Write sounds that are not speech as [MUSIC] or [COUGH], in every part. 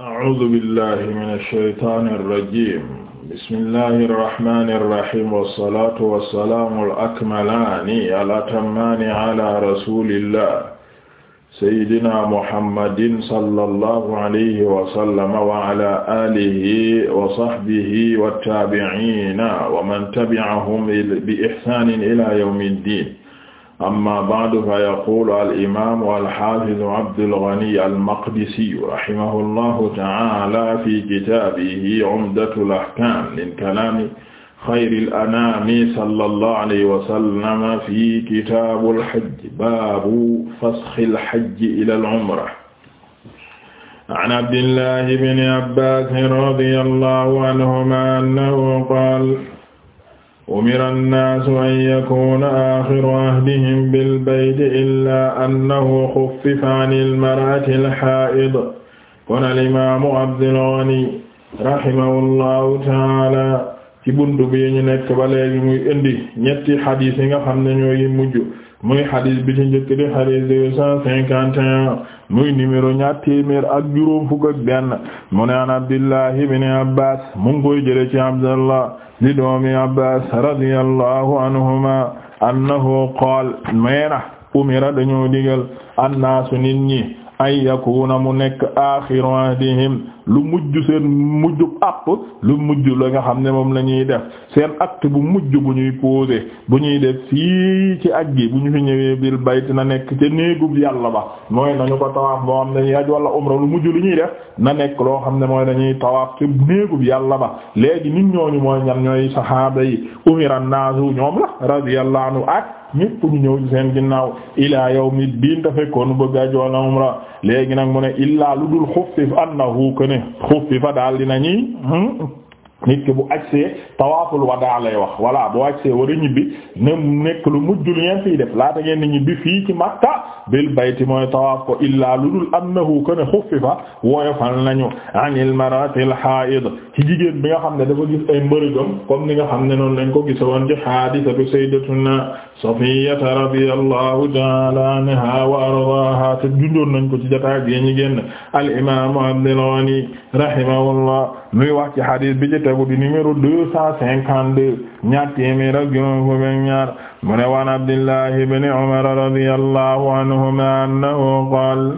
أعوذ بالله من الشيطان الرجيم بسم الله الرحمن الرحيم والصلاة والسلام الأكملان الأتمان على رسول الله سيدنا محمد صلى الله عليه وسلم وعلى آله وصحبه والتابعين ومن تبعهم بإحسان إلى يوم الدين amma ba'du fa yaqulu al-imaamu al-haafizu Abdul Ghani al-Maqdisi rahimahullahu ta'aala fi kitaabihi Umdatul Ahkaam min kalaami xayril anaami sallallahu alayhi wa sallam fi kitaabul hajj baabu fasxil hajji ilal umra. an Abdillahi ibn Abbaas radiyallahu anhumaa annahu qaala umira annaasu an yakuuna aaxiru ahdihim bilbayti illaa annahu xuffifa ani almar'ati alxaa'id kon alimaamu Abdul Ghani rahimahullahu taala ci buntu bi ñu nekk ba léegi muy indi ñetti xadiis yi nga xam ne ñooy mujj muy xadiis bi ci njëkk di xadiis deux cent cinquante et un muy numéro ñaar téeméer ak juróom fukk ak benn mu an Abdullah ibn Abbas mu ngi koy jële ci Abdullah di doomi Abbas radiyallahu anhuma annahu qaal meena umira dañoo digal annaasu nit ñi ay yakuna mu nekk axiru ahdihim lu mujj seen mujj app lu mujj la nga xam ne moom la ñuy def seen acte bu mujj bu ñuy poser bu ñuy def fii ci ak gi bu ñu fi ñëwee bil bayt na nekk ca néegub yàlla ba mooy nañu ko tawaaf boo xam ne ñuy aj wala umra lu mujj lu ñuy def na nekk loo xam ne mooy dañuy tawaaf ca néegub yàlla ba léegi nit ñooñu mooy ñan ñooy saxaaba yi umiran ñoom la radiyallahu anhu ak ñépp ñu ñëw seen ginnaaw ilaa yawmi diin ta fekkoonu bëgg a joon umra léegi nag mu ne illaa lu dul xuffif annahu kana xuffifa daal dina ñi hmm, nit ki bu agsee tawaaful wadaa lay wax voilà bu agsee war a ñibbi ne nekk lu mujj lu ngeen fiy def laata ngeen di ñibbi fii ci Makka bil bayti mooy tawaaf ko illaa lu dul annahu kana xuffifa woyofal nañu anil maratil haid ci jigéen bi nga xam ne dafa gis ay mbërëgam comme ni nga xam ne noonu lañ ko gisoon ci hadisatu sayyidatuna Safiyyata radiyallahu ta'ala anha wa ardaaha te jundoon nañ ko ci jotaay bi ñu génn al imam Abdul Ghani rahimahullah muy wax ci hadis tegu di numéro deux cent cinquante-deux ñaar téeméer ak juróom fukk ak ñaar mu ne waan Abdullahi ibn Umar radiyallahu anhuma annahu qaala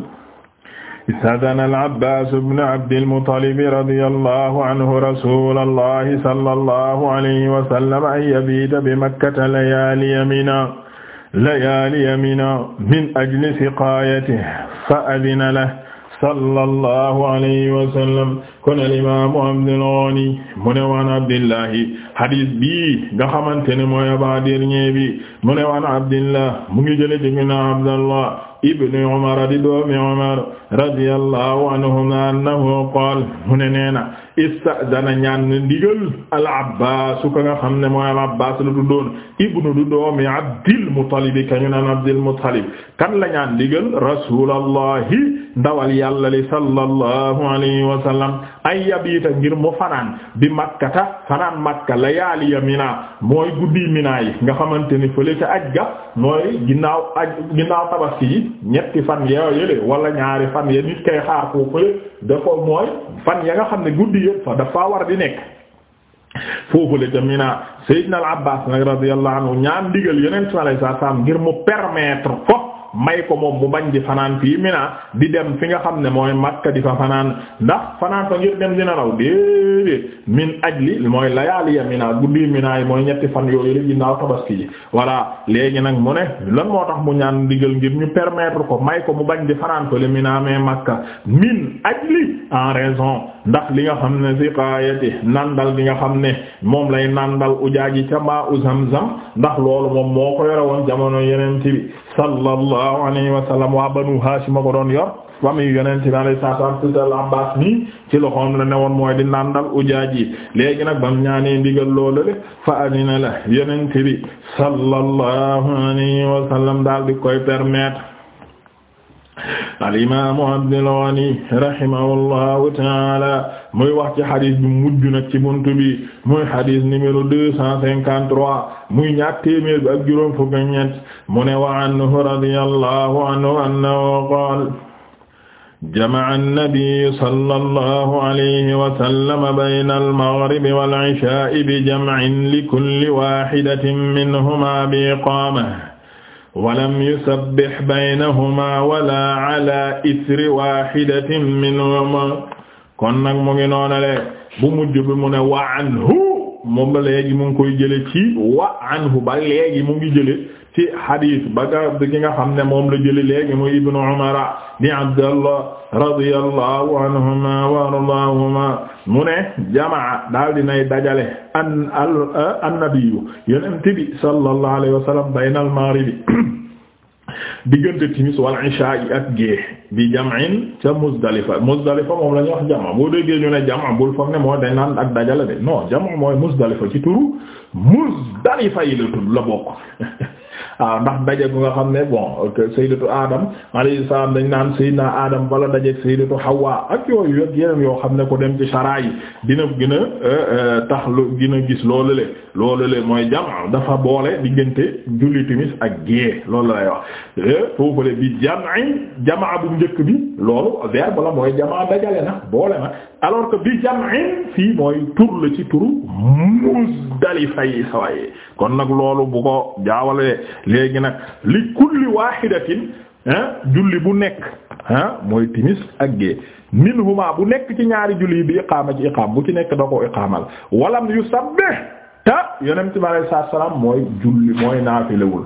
ista'dana al-Abbaas ibn Abdil Muttalib radiyallahu anhu rasuulallahi sallallahu alayhi wa sallam an yabiita bi Makkata layaaliya mina layaaliya mina min ajli siqaayatihi fa adina lahu sallallahu alayhi wa sallam kon al imaamu Abdul Ghani mu ne waan abdillahi hadis bii nga xamante ne mooy abaa dernier bi mu ne waan abdillah mu ngi jële ci na Abdallah ibnu Umar di doomi Umar radiyallahu anhuma annahu qaala mu ne nee na istadana ñaan na ndigal al abbas ka nga xam ne mooy al abbas la tuddoon ibnu du doomi abdil muttalib kañu naan abdil muttalib kan la ñaan ndigal rasulallahi ndawal yàlla li sallallahu alayhi wa sallam ay yabiita ngir mu fanaan bi makkata fanaan makka layaaliya mina mooy guddi mina yi nga xamante ni fële ca aj ga mooy ginnaaw aj ginnaaw tabaski yi ñetti fan ya yële wala ñaari fan ya nit kay xaar foofu dafa mooy fan ya nga xam ne guddi julli yëpp fa dafa war di nekk foofule ca Mina Seydina al Abbas nag radiyallahu anhu ñaan ndigal yeneen sallallahu alayhi wasallam ngir mu permettre ko may ko moom mu bañ di fanaan fii Mina di dem fi nga xam ne mooy Makka di fa fanaan ndax fanaan fa ngir dem dina raw déedéet min ajli mooy layaaliya Mina guddi Mina yi mooy ñetti fan yooyu rek ginnaaw tabaski ji voilà léegi nag mu ne lan moo tax mu ñaan ndigal ngir ñu permettre ko may ko mu bañ di fanaan fa le Mina mais Makka min ajli en ndax li nga xam ne siqaayati nandal li nga xam ne moom lay nandal ujaaji ca maa u zamzam ndax loolu moom moo ko yore woon jamono yeneen ci bi sallallahu alayhi wa sallam waa banu haashim ko doon yor famille yonent bi alayhi salaam tudal Abbaas nii ci loxoom la ne woon mooy di nandal ujaaj yi léegi nag bam ñaanee ndigal loolu le fa adina la yonent bi sallallahu alayhi wa daal di koy permetre alimamu Abdul Ghani rahimahullahu taala muy wax ci xadis bi mujj nag ci bunt bi muy xadis numéro deux cent cinquante trois muy ñaar téeméer bi ak juróom fukk ak ñett mu ne wa anhu radiyallahu anhu annahu qaala jama'a an-nabiyyu sallallahu alayhi wa sallam bayna al-maghribi wal-'ishaa'i bi jam'in li kulli waahidatin minhumaa bi iqaamatin walam yusabbih baynahuma wala ala ithri wahidatin minhuma kon nag mu ngi noonale bu mujj bi mu ne wa anhu moom ba léegi mu ngi koy jële ci wa anhu ba léegi mu ngi jële ci xadiis ba nga bi nga xam ne moom la jëli léegi muy ibnu umara di abdallah radiyallahu anhuma wa ardaahuma mu ne jamaa daal dinay dajale an al eh, annabiyu yonent bi sallallahu alayhi wa sallam bayna al maghribi timis wal isha yi ak gée bi jam'in ca Muzdalifa Muzdalifa moom la ñuy wax jama boo déggee ñu ne jama bul foog ne mooy dañ naan ak dajale ci turu Muzdalifa yi la tudd la bokk [LAUGHS] waaw ndax daje bu nga xam ne bon sayyidatu Adam alayhi salaam dañ naan sayyidina Adam bala daje sayyidatu Hawa ak yooyu ak yoo xam ne ko dem ci sharaa yi dina gën a euh, euh, tax lu gën a gis loolu le loolu le mooy jam dafa boole diggante julli timis ak gée lay wax euh, foofale bi jam'i jamaa bu njëkk bi loolu verbe la mooy jamaa dajale na boole na alors que bi jam'in fii mooy tur la ci turu Muzdalifa fay sawaye kon nag loolu bu ko jaawale léegi nag li kulli waaxidatin ah, julli bu nekk ah mooy timis ak gée minhuma bu nekk ci ñaari julli bi iqaama ci iqaam bu ci nekk da ko iqaamal walam yusabbih ta yonent bi sa salaam mooy julli mooy naafilewul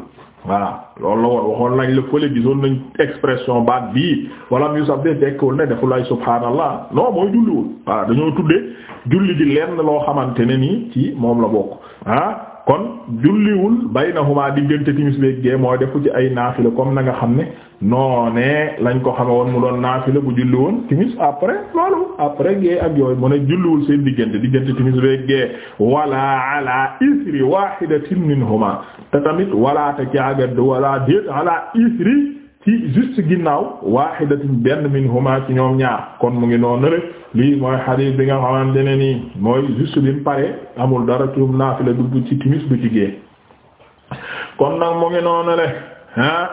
voilà loolu la woon waxoon nañ la fële gisoon nañ expression baat bi walam yusabbih tekkiwul ne deful ay subhaanallah non mooy julliwul voilà dañoo tuddee julli di lenn loo xamante ne nii ci moom la bokk ah, kon julliwul baynahuma diggante timis beek gee mooy defu ci ay naafila comme na nga xam ne noonee lañ ko xame woon mu doon naafila bu julli woon timis après loolu après gee ak yooyu mu ne julliwul seen diggante diggante timis beek gee wala ala isri wahidatin minhuma te tamit wala te caagat wala déet ala isri ci juste ginnaaw waahidatin benn minhuma ci ñoom ñaar kon mu ngi noonu rek lii mooy hadith bi nga xamante ne nii mooy juste bi mu pare amul dara tuum naafila dugg ci timis du ci gée kon nag mu ngi noonu rek ah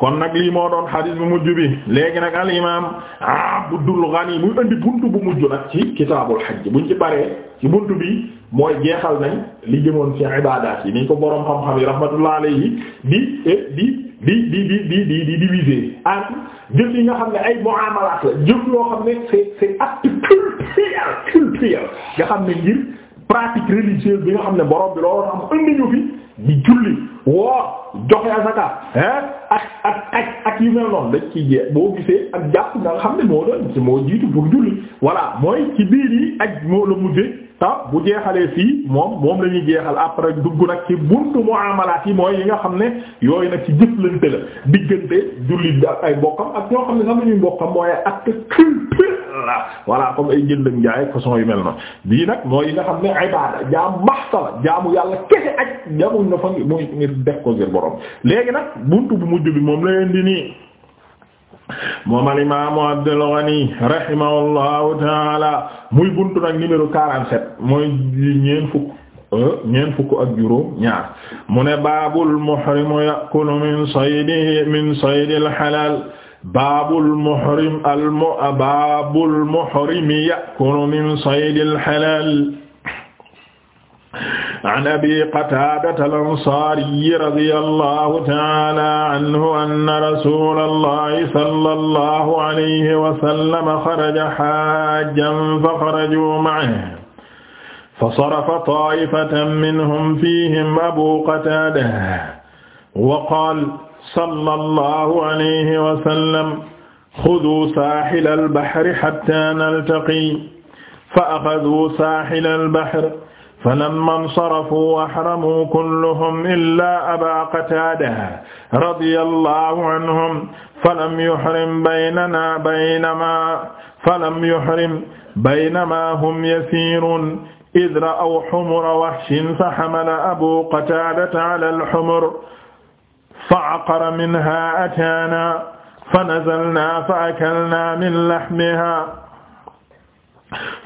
kon nag lii moo doon hadith bu mujj bi léegi nag al imam Abdul Ghani muy indi buntu bu mujj nag ci kitaabul hajj buñ ci paree ci bunt bi mooy jeexal nañ li jëmoon ci ibaadaat yi niñ ko boroom xam-xam yi rahmatullah alayhi di di di di di di di di diviser entre jëf yi nga xam ne ay muamalat la jëf yoo xam ne c'est c'est acte culturel culturel nga pratique religieuse bi nga xam ne borom bi looloo tax mu indi ñu julli woor joxe asaka hein ak ak ak ak yu mel noonu dañ jeex boo gisee ak jàpp nga xam ne moo doon ci moo jiitu mooy ak moo la mujje ta fii moom moom la ñuy jeexal après dugg nag ci buntu muamalaat yi mooy yi nga xam ne yooyu nag ci jëflante la diggante julli ay mbokkam ak ñoo xam ne sax ñuy mbokkam mooy acte culturel la voilà comme ay jënd ak jaay façon yu mel noonu bii nag mooy yi nga xam ne jaam maxta jaamu yàlla kese ak jaamuñ na fa muy ngir def ko ngir borom léegi nag buntu bu mujj bi moom la leen nii moom al imaamu Abdul Ghani rahimahullahu taala muy buntu nag numéro 47 mooy ñeent fukk. Euh, ñeent fukk ak juróom ñaar mu ne baabul muhrimu yakulu min saydihi min saydil halal baabul muhrim al mu baabul muhrimi ya'kulu min saydil halaal an abi qataadata al-ansaari radiyallahu ta'aala anhu anna rasuulallaahi sallallahu alayhi wa sallam xaraja haajjan faxarajuu ma'ahu fasarafa taa'ifatan minhum fiihim abuu qataadata wa qaala sallallahu alayhi wa sallam xuduu saaxila albahri xatta naltaqi fa axaduu saaxila albahri falammaa nsarafuu axramuu kulluhum illaa abaa qataadata radiyallaahu anhum falam yuxrim baynanaa baynamaa falam yuxrim baynamaa hum yasiiruun iz ra'aw xumura waxshin faxamala abuu qataadata alal xumur fa aqara minha ataana fa nazalna fa akalna min lahmiha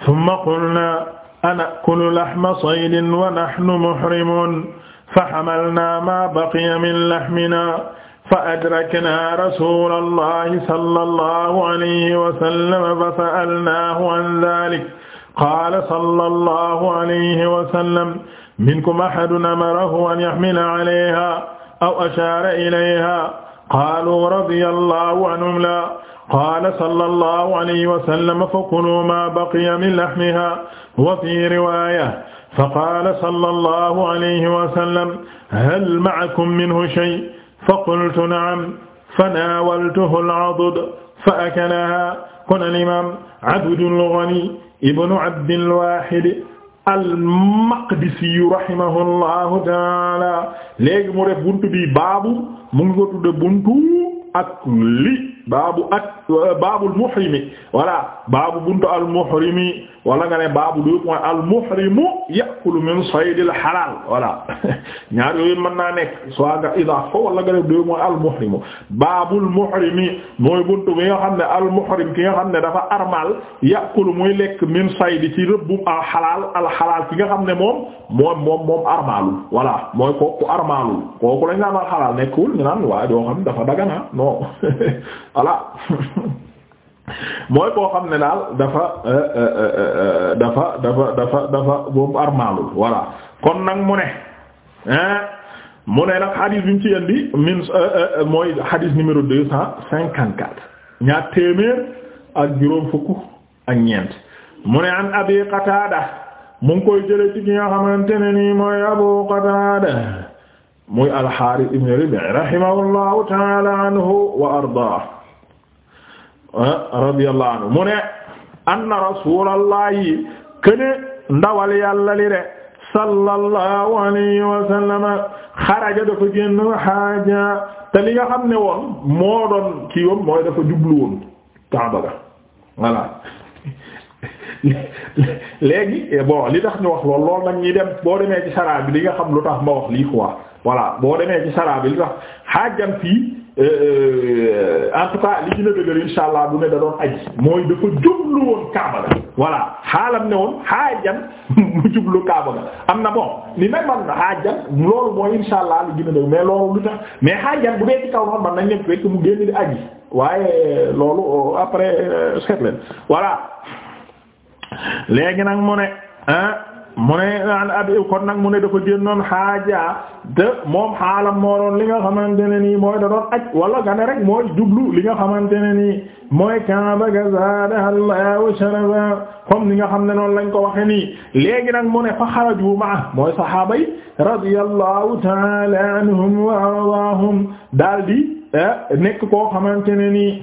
thumma qulna anakulu lahma saydin wa nahnu muhrimun fa hamalna ma baqiya min lahmina fa adrakna rasula allahi sallallahu alayhi wa sallam fa sa'alnahu an dhalik qaala sallallahu alayhi wa sallam minkum ahadun amarahu an yahmila alayha aw ashaara ilayha qaalu radiyallahu anhum la qaala sallallahu alayhi wa sallam fakulu ma baqiya min lahmiha wa fi riwaaya faqaala sallallahu alayhi wa sallam hal ma'akum minhu shay faqultu na'am fanaawaltuhu al-'udud fa akalaha kon al-imaam Abdul Ghani ibnu Abdil Waahid al-Maqdisiyu rahimahullahu taala léegi mu def buntu bi baabu mu ngi ko tudde buntu ak li baabu ak baabul muhrimi voilà baabu bunt al muhrimi wala nga ne baabu du mooy al muhrimu yaqulu min saydil xalaal voilà [LAUGHS] ñaar yooyu mën naa nekk soit nga idaaf ko wala nga ne du mooy al muhrimu baabul muhrimi mooy bunt bi nga xam ne al muhrim ki nga xam ne dafa armal yaqulu muy lekk min saydi ci rëbbum al xalaal al ki nga xam ne moom moom moom moom armaalul voilà mooy kooku armaalul kooku lañ naan al xalaal nekkul ñu naan waaye doo xam dafa dagana ah, [LAUGHS] [LAUGHS] [LAUGHS] mooy koo xam ne daal euh, euh, euh, dafa dafa dafa boobu armaalul voilà kon nag mu ne mu ne nag xadis bi ci indi min mooy xadis numéro deux cent cinquante quatre ñaar ak juróom fukk ak ñeent mu ne an abi qataada mu koy jële ci ki nga ne nii mooy abu qataada muy alxaaris ibn rabi rahimahullahu taala anhu wa ardaa Ah, radiyallahu anhu mu ne anna rasulallahi këne ndawal yàlla li de sallallahu alayhi wa xaraja dafa génn xaaja te li nga xam ne woon moo doon kii woon mooy dafa jublu woon Kaaba ga voilà [LAUGHS] léegi eh, bon li tax ñu wax lool lool nag ñi dem boo demee ci sara bi li nga xam lu tax ma wax lii quoi voilà boo demee ci sara bi li tax xaajan fii Euh, euh, en tout cas li gën a dëgër insha allah du ne da doon aji mooy dafa jublu woon kaaba ga voilà xaalam ne woon xaajan mu jublu kaaba ga am na bon ni nag man xaajan loolu mooy insha allah li gën a dëgër mais loolu lu tax mais xaajan bu dee ci kaw noonu man nañ nekk rek mu génn di aji waaye euh, loolu après seet leen voilà nag mu ne ah mu ne an abi kon nag mu ne dafa génnoon xaaja te moom xaalam moo li nga xamante ne nii mooy da doon aj wala nga ne rek mooy jublu li nga xamante ne nii mooy Kaaba ga zaadaha Allahu sharafa comme ni nga xam ne noonu lañ ko waxe nii léegi nag mu ne fa xaraju ma mooy sahaaba yi radiyallahu taala anhum wa ardaahum eh, nekk koo xamante ne nii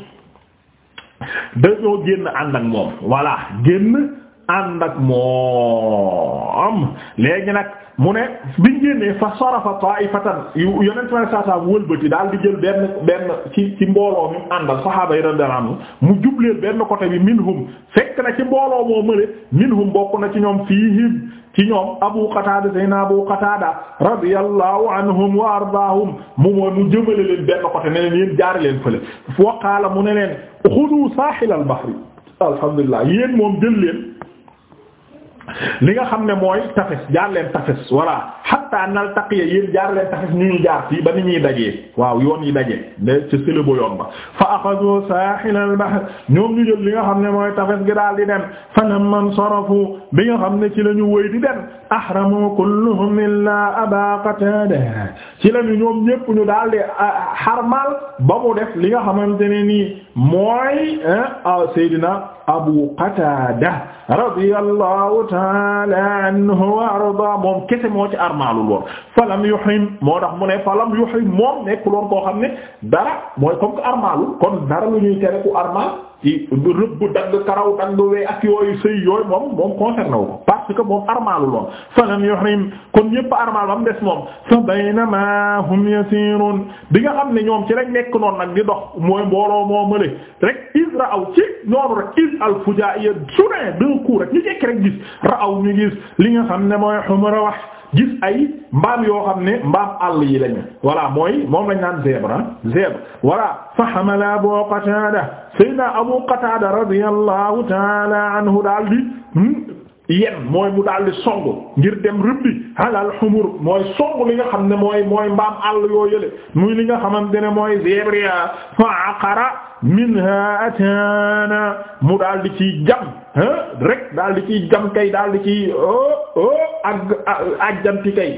dañoo génn ànd moom voilà génn ànd ak moom léegi nag mu ne biñ génnee fa sarafa ta'ifatan yonent ma saa saa wëlbati daal di jël benn benn ci ci mbooloo mi àndal saxaaba yi radiyallahu anhu benn côté bi minhum ci mbooloo moo mëne minhum bokk na ci ñoom fiihim ci ñoom Abu Qatada sayna Abu Qatada radiyallahu anhum wa ardaahum mu mooy mu leen benn côté ne mu ne leen xudu saaxilal bahri alhamdulillah yéen moom jël leen li nga xam ne mooy tafes jaar leen tafes voilà hatta naltaqiya yéen jaar leen tafes ñu ñu jaar ba ni ñuy dajee waaw yoon yi daje ne ca sëlëbo yoon ba fa axadu saaxil al bahr ñoom ñu jël li nga xam ne mooy tafes gi daal di dem falamman sarafu bi nga xam ne ci la ñu wëy di dem ahramu kulluhum illaa aba qatada ci la ñu ñoom ñépp ñu daal di ah, xarmal ba mu def li nga xamante ne nii mooy ah, Seydina Abu Qatada radiyallahu ta'ala anhu wa arda moom kese moo ci armaalul woon falam yuhim moo tax mu ne falam xam ne dara mooy comme que armaalul kon dara lu ñuy tere ku armaal ci rëbb dagg karaw dagg wee ak yooyu sëy yooyu moom moom concerné wu ko parce que moom armaalu loon falam yuhrim kon ñëpp armaal ba mu des moom fa baynama hum yasirun bi nga xam ne ñoom ci rek nekk noonu nag di dox mooy mbooloo moo mële rek is raaw ci noonu rek is al fujaiya soudain d'un coup jekk rek gis raaw ñu gis li nga xam ne mooy humra wax gis ay mbaam yoo xam ne mbaam àll yi lañu voilà mooy moom lañ naan zèbre ah zèbre voilà fa hamala Abu Qatada sayyidina Abu Qatada radiyallahu ta'ala anhu daal di hmm, yen mooy mu daal di song ngir dem rëbbi halal xumur mooy song li nga xam ne mooy mooy mbaam àll yoo yële muy li nga xamante ne mooy zebria ah, fa aqara minha atana mu daal di ciy jam rek daal di ciy jam kay di ciy oh oh ak àjjanti kay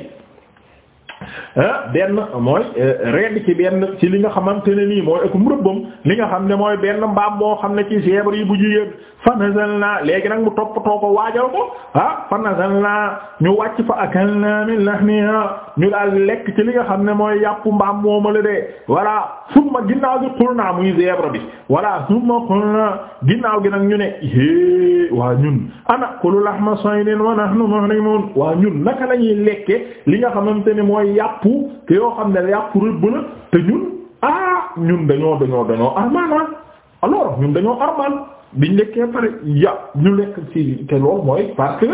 Eh, benn mooy eh, redd ci benn ci li nga xamante ne nii mooy akum rëbbam li nga xam ne mooy benn mbaam moo xam ne ci zèbre yi bu jigéen fa naa léegi nag mu toppatoo ko waajal ko ah fa nazalna ñu wàcc fa akalna min lahniha ñu daal lekk ci li nga xam ne mooy yàpp mbaam moomala de voilà summa ginnaaw gi qulna muy zèbre bi voilà summa qulna ginnaaw gi nag ñu ne é waa ñun anaqulu lahma saydin wa nahnu muhrimun waa ñun naka lañuy lekke li nga xamante ne mooy yàpp yàppu te yoo xam ne yàppu rëbb la te ñun ah ñun dañoo dañoo dañoo armaan ah ñun dañoo armaan biñ lekkee pare yàpp ñu lekk ci te mooy parce que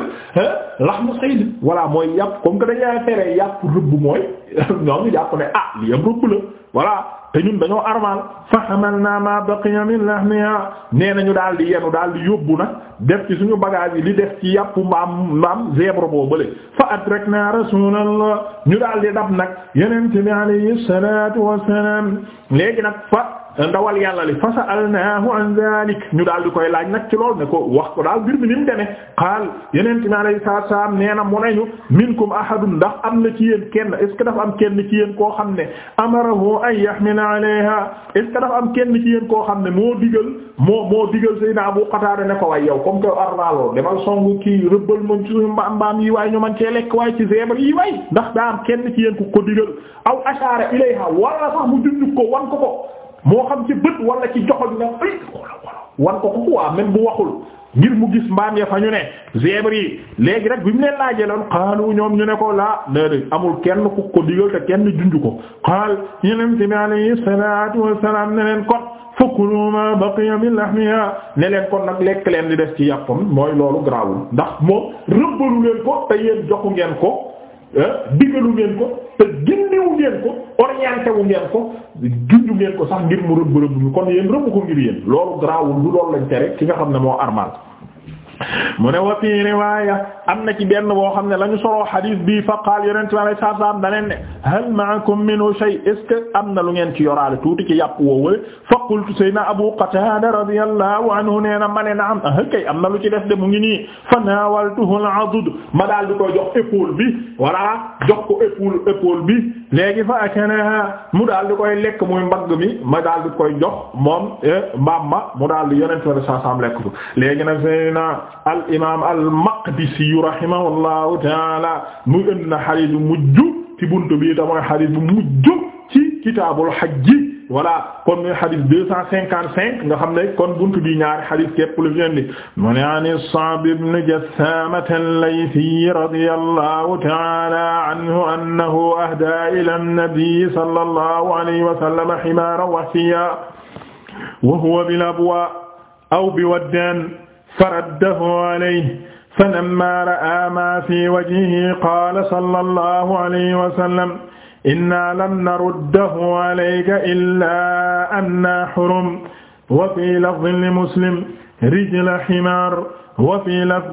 laxmu sayd voilà mooy yàpp comme que dañuy feree yàpp rëbb mooy [LAUGHS] ñoo ngi jàpp ne ah li am rëbb la voilà te ñun dañoo armal fa hamalna ma baqiya min lahmiha nee nañu daal di yenu daal di yóbbu na def ci suñu bagage yi li def ci yàpp mbaam mbaam zèbre boobale fa adrakna rasulallah ñu daal di dab nag yenente bi alayhi salatu wassalam léegi nag fa ndawal yàlla li fa sa'alnaahu an dhalik ñu daal di koy laaj nag ci lool ne ko wax ko daal mbir mi ni mu demee xaal yeneen mi alayhi salaatu salaam nee na mu nañu minkum ahadun ndax am na ci yéen kenn est ce que dafa am kenn ci yéen koo xam ne amarahu an yahmila alayha est ce que dafa am kenn ci yéen koo xam ne moo digal moo moo digal Seydina Abu Qatada ne ko way yow comme que arnaaloo demal songu kii rëbbal moom mbaam mbaam yi waaye ñu man cee lekk waaye ci zèbre yi waay ndax daa am kenn ci yéen ku ko digal aw ashara ilayha ko ko moo xam ci bët wala ci joxoñ na ay wan ko ko quoi même bu waxul ngir mu gis mbaam ya fa ñu ne zèbre yi léegi rek bi mu leen laajee loon xaalu ñoom ñu ne ko laa déedéet amul kenn ku ko digal te kenn junj ko xaal yeneen ci bi alayhi salaatu wassalaam ne leen kon fakulu ma baqiya min lahmiha ne leen kon nag lekk leen di des ci yàppam mooy loolu garaawul ndax moom rëbbalu leen ko te yéen joxu ngeen ko eh, digalu ngeen ko te gindiwu ngeen ko orienté wu ngeen ko gindu ngeen ko sax ngir mu rëbb rëbb ñu kon yéen rëbb ko ngir yéen loolu garaawul lu loolu lañ tere ki nga xam ne moo armal mu ne wa fii riwaaya am na ci benn boo xam ne la ñu soroo xadiis bi fa qaal yonent la saa saa am da leen ne hal ma'akum minhu shay est am na lu ngeen ci yoraale tuuti ci yàpp woo wala fa qultu sayna Abu Qataada radiyallahu anhu nee na ma ne naam ah am na lu ci def de mu ngi nii fa naawaltuhu al-adud ma daal di koy jox bi voilà jox ko bi. léegi fa akanaha mu daal di koy lekk muy mbagg mi ma daal di koy jox moom eh, mbaam ma mu daal di yonent wala saa lekk ko léegi nag sayna al imaam al maqdisi rahimahullahu taala mu indi na xadiis bu mujj ci buntu bi ta mooy xadiis bu mujj ci kitaabul hajj voilà kon muy xadis deux cent cinquante cinq nga xam ne kon buntu bi ñaari xadis képp lu fi indi mu ne an Sa'b ibn Jassaama al-Laythi radiyallahu ta'ala anhu annahu ahdaa ila an-nabi sallallahu alayhi wa sallam himaaran wahshiyyan wa huwa bil-abwaa' aw bi-waddin faraddahu alayhi falammaa ra'aa maa fii wajhihi qaala sallallahu alayhi wa sallam inna lam naruddahu alayka illaa anna hurum wa fii lafdin li muslim rijla himaar wa fii laf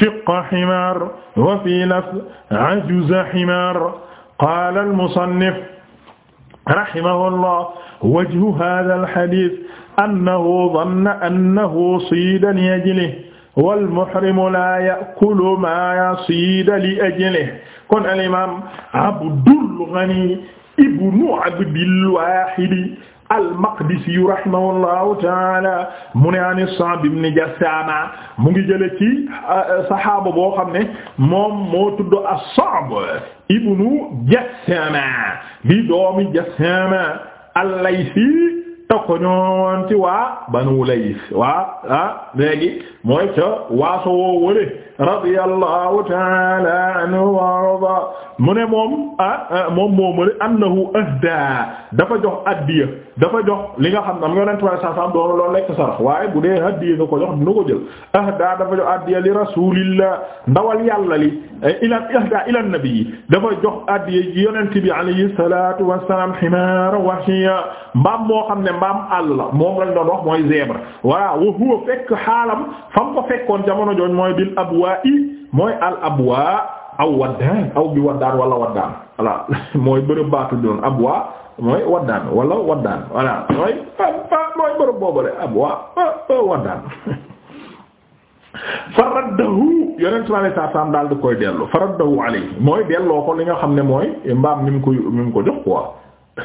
shiqqa himaar wa fii laf ajuza himaar qaala al-musannif rahimahullah wajhu haadha al-hadiis annahu danna annahu siida li ajlihi wal muhrimu laa ya'kulu maa yasiida li ajlihi kon al imaam Abdul Ghani ibnu Abdil Waahid al-Maqdisi rahimahullahu ta'ala mu ne an Sa'b ibn Jassaama mu ngi jële ci euh, saxaaba boo xam ne moom moo tudd as-Sa'b ibnu Jassaama bi doomi Jassaama al-Laysi teg ko ñoon ci waa Banu Lays waa ah léegi mooy ca waaso woo wële radiyallahu ta'ala anhu wa arda mu ne moom ah, ah moom moomale annahu ahda dafa jox addiya dafa jox li nga xam ne am nga yonent bi saa saam doonu loolu lekk sarax waaye bu dee addiya nga ko jox dina ko jël ahda dafa jox addiya li rasulillah ndawal yàlla li eh, ila ahda nabi dafa jox addiya yi yonent bi alayhi salatu wassalam himara wahiya mbaam moo xam ne mbaam àll moom lañ doon wax mooy zèbre voilà wa huwa fekk xaalam fam ko fekkoon jamono jooñ mooy bi abwa i mooy al aw waddaan aw bi waddaan wala waddaan voilà [LAUGHS] mooy bërëb baatu doon ab waa mooy waddaan wala waddaan voilà mooy mooy bërëb boobale ab waa waddaan [LAUGHS] faraddahu yonent bi saa saam daal di koy dellu faraddahu alayhi mooy delloo ko li nga xam ne mooy mbaam mi mu ko mi ko jox quoi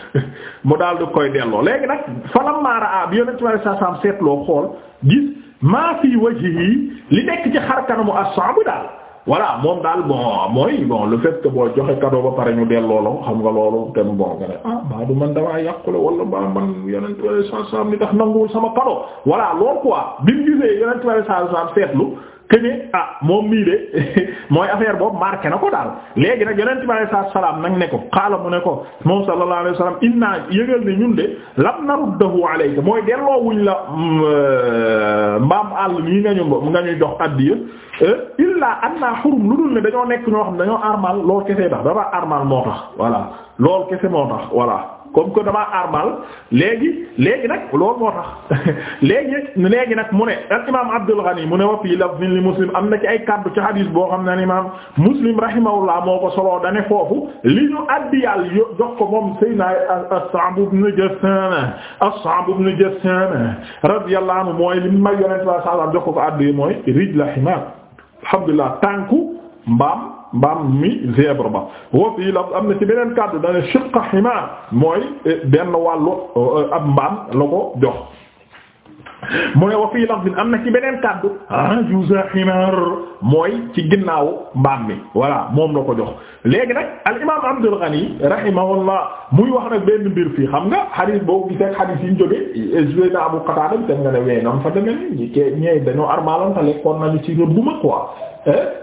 [LAUGHS] mu daal di koy delloo léegi nag falammaa ra'a bi yonent bi saa seetloo xool gis maa fi wajhihi li nekk ci xar kanamu as-sa'b daal. voilà moom daal bon mooy bon le fait boo joxe cadeau ba pare ñu delloo la xam nga loolu te bon nga ne ah maa du man damaa yàqule wala maa man yeneen tubaab yi saa saa mi tax nanguwul sama cadeau. voilà loolu quoi bi mu gisee yeneen tubaab yi saa saa que ne ah moom mii de [LAUGHS] mooy affaire boobu marqué na ko daal léegi nag yonent bi alayhi salaatu salaam nag ne ko xaala mu ne ko moom sallallahu alayhi wa sallam innaa yëgal ne ñun de lam naruddahu alayka mooy delloowuñ la mm, euh, mbaam àll nii nga ñu nga ñuy jox addiya euh, illaa annaa xurum lu dul ne dañoo nekk ñoo xam ne dañoo armal lool kese tax dafa armal moo tax voilà lool kese moo tax voilà. comme que dama armal léegi léegi nag loolu moo tax [LAUGHS] léegi léegi nag mu ne al imaam Abdul mu ne wa fii lafzin li muslim am na ci ay kaddu ci hadis boo xam ne al imaam muslim rahimahullah moo ko solo dane foofu li ñu addiyal jox ko moom Seydina as-Sa'b ibn Jassama as-Sa'b ibn Jassama mooy li may yonent sallallahu alayhi wasallam ko ko addi mooy rijla himaar alhamdulillah tànku mbaam mbaam mi zèbre ba wa la am na ci beneen kàddu dane shiqqa himaar mooy e, benn wàllu e, e, ab mbaam la ko jox mu ne am na ci beneen kàddu ajuza himar mooy ci ginnaaw mbaam mi voilà moom la ko jox léegi nag al imam Abdul Ghani rahimahullah muy wax nag benn mbir fii xam nga xadiis boobu gisee ak i yi ñu jógee Zubayna Abu Qatada bi tam nga ne weynam fa demee ni ñi ke ñeey dañoo ci rëbb ma quoi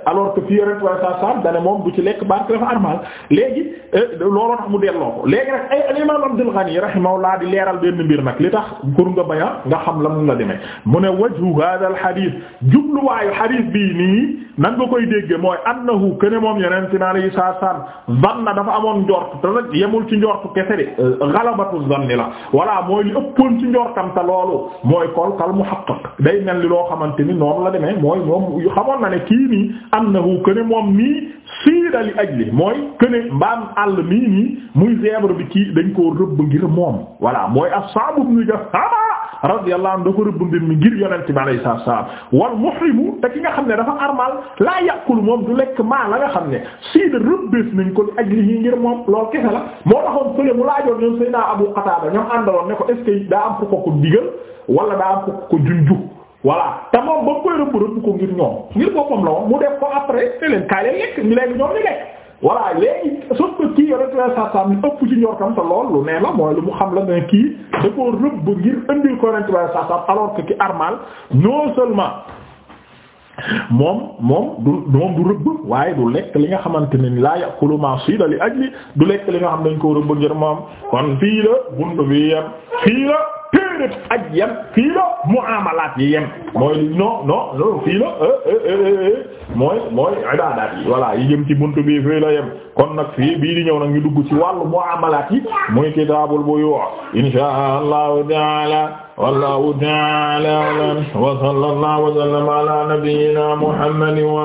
alors que fii yonent waaye saa saam dane moom bu ci lekk barke dafa armal léegi euh, looloo tax mu delloo ko léegi nag ay al imam Abdul Ghani rahimahullah di leeral benn mbir nag li tax pour nga bañ a nga xam la mun la demee mu ne wajhu hadha al hadith jubluwaayu hadith bii nii nan nga koy déggee mooy annahu kene moom yonent mi alayhi salaatu salaam zanna dafa amoon njort te nag yemul ci njort kese de euh, ghalabatu zanni la walaa mooy li ëppoon ci njortam te loolu mooy kol kal muhaqqaq day loo xamante ni noonu nii annahu këne moom nii siira li ajli mooy këne mbaam àll mii nii muy zèbre bi kii dañ koo rëbb ngir moom voilà mooy asaabu ibn Jahaama radiyallahu anhu da ko rëbb mbir mi ngir yonente bi alayhi salaatu salaam wal muhrimu te ki nga xam ne dafa armal laa yàqul moom du lekk maa nga xam ne siida rëbbees nañ ko li ajli yi ngir moom loolu kese la moo taxoon fële mu laajoon ñoom Seydina Abu Qataada ñoom àndaloon ne ko est-ce que daa am ko ko digal wala daa am ko ko voilà te moom ba mu koy rëbb rëbb ko ngir ñoom ngir boppam la woon mu def ko après te leen kaay leen lekk ñu lekk ñoom ñu lekk voilà léegi sauf que kii yore treize cent cent ëpp ci ñor tam lool lu nee la mooy lu mu xam la ne kii da rëbb ngir indil ko yore treize cent cent alors ki armal non seulement moom moom du moom du rëbb waaye du lekk li nga xamante ne ni laa yàqulu ma sida li ajli du lekk li nga xam dañ koo rëbb ngir moom kon fii déedéet aj yem fii la muamalaat yi yem mooy non non non fii la eh, eh, eh, mooy mooy ibaadaat yi voilà yi jëm ci buntu bi fii yem kon nag fii bii di ñëw nag ñu dugg ci wàllu muamalaat yi muy kitaabul buyu inshaa allahu taala wallahu taala wa sallallahu wa sallama ala nabiyyina muhammadin wa